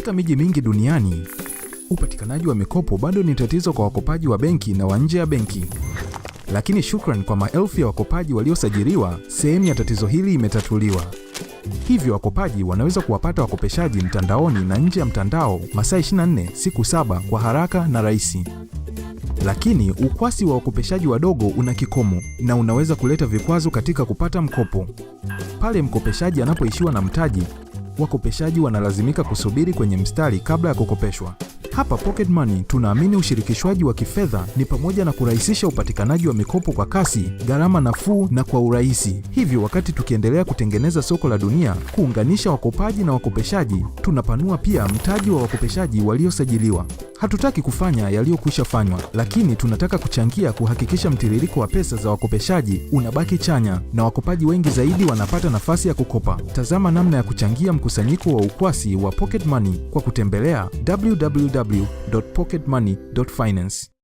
Katika miji mingi duniani, upatikanaji wa mikopo bado ni tatizo kwa wakopaji wa benki na wa nje ya benki. Lakini shukrani kwa maelfu ya wakopaji waliosajiliwa, sehemu ya tatizo hili imetatuliwa. Hivyo wakopaji wanaweza kuwapata wakopeshaji mtandaoni na nje ya mtandao masaa 24 siku saba kwa haraka na rahisi. Lakini ukwasi wa wakopeshaji wadogo una kikomo na unaweza kuleta vikwazo katika kupata mkopo. Pale mkopeshaji anapoishiwa na mtaji, wakopeshaji wanalazimika kusubiri kwenye mstari kabla ya kukopeshwa. Hapa Pocket Money tunaamini ushirikishwaji wa kifedha ni pamoja na kurahisisha upatikanaji wa mikopo kwa kasi, gharama nafuu na kwa urahisi. Hivyo, wakati tukiendelea kutengeneza soko la dunia, kuunganisha wakopaji na wakopeshaji, tunapanua pia mtaji wa wakopeshaji waliosajiliwa. Hatutaki kufanya yaliyokwisha fanywa, lakini tunataka kuchangia kuhakikisha mtiririko wa pesa za wakopeshaji unabaki chanya na wakopaji wengi zaidi wanapata nafasi ya kukopa. Tazama namna ya kuchangia mkusanyiko wa ukwasi wa Pocket Money kwa kutembelea www.pocketmoney.finance.